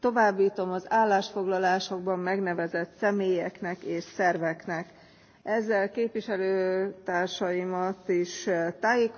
továbbtom az állásfoglalásokban megnevezett személyeknek és szerveknek. ezzel képviselőtársaimat is eh, tájékoztattam.